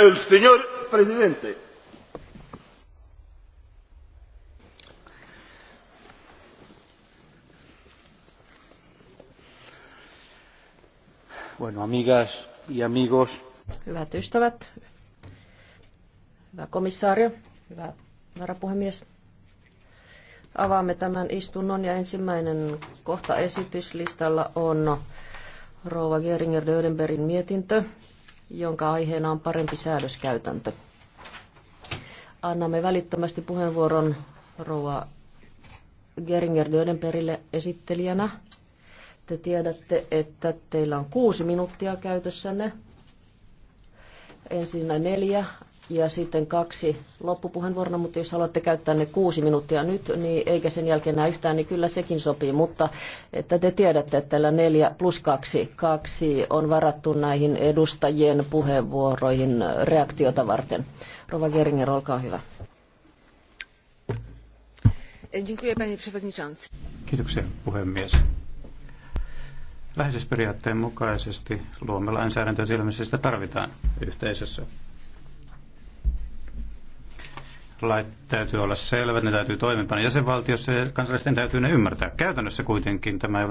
El señor presidente. Bueno, amigas y amigos. Hyvät ystävät, hyvä komissaari, hyvä varapuhemies. Avaamme tämän istunnon ja ensimmäinen kohta esityslistalla on Rouva Geringer-Dödenbergin mietintö jonka aiheena on parempi säädöskäytäntö. Annamme välittömästi puheenvuoron rouva Geringer Dödenperille esittelijänä. Te tiedätte, että teillä on kuusi minuuttia käytössänne. Ensin neljä ja sitten kaksi loppupuheenvuorona, mutta jos haluatte käyttää ne kuusi minuuttia nyt, niin eikä sen jälkeen enää yhtään, niin kyllä sekin sopii. Mutta että te tiedätte, että tällä neljä plus kaksi, kaksi on varattu näihin edustajien puheenvuoroihin reaktiota varten. Rova Geringer, olkaa hyvä. Kiitoksia puhemies. Läheisyysperiaatteen mukaisesti luomme lainsäädäntöä silmisestä tarvitaan yhteisössä lait täytyy olla selvät, ne täytyy toimeenpanna jäsenvaltiossa ja kansalaisten täytyy ne ymmärtää. Käytännössä kuitenkin tämä ei ole